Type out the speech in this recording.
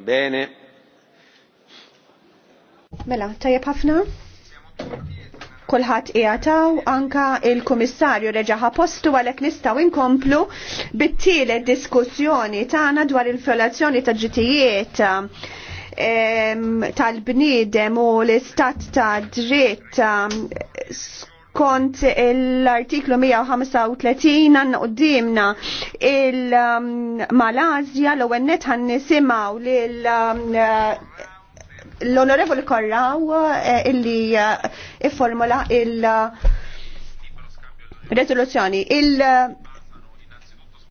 Bene. Mela, tajjeb ħafna? Kulħadd qiegħataw anka il-Kummissarju reġa' postu għalhekk nistgħu inkomplu bit-tielet diskussjoni tagħna dwar il-violazzjoni ta' ġitijiet tal-bniedem u l-istat ta' dritt kont l-artiklu 135 għanna qoddimna il-Malazja um, l għennet għan nisimaw um, l-Onorevoli Korraw eh, illi eh, formula il-rezoluzzjoni. il uh,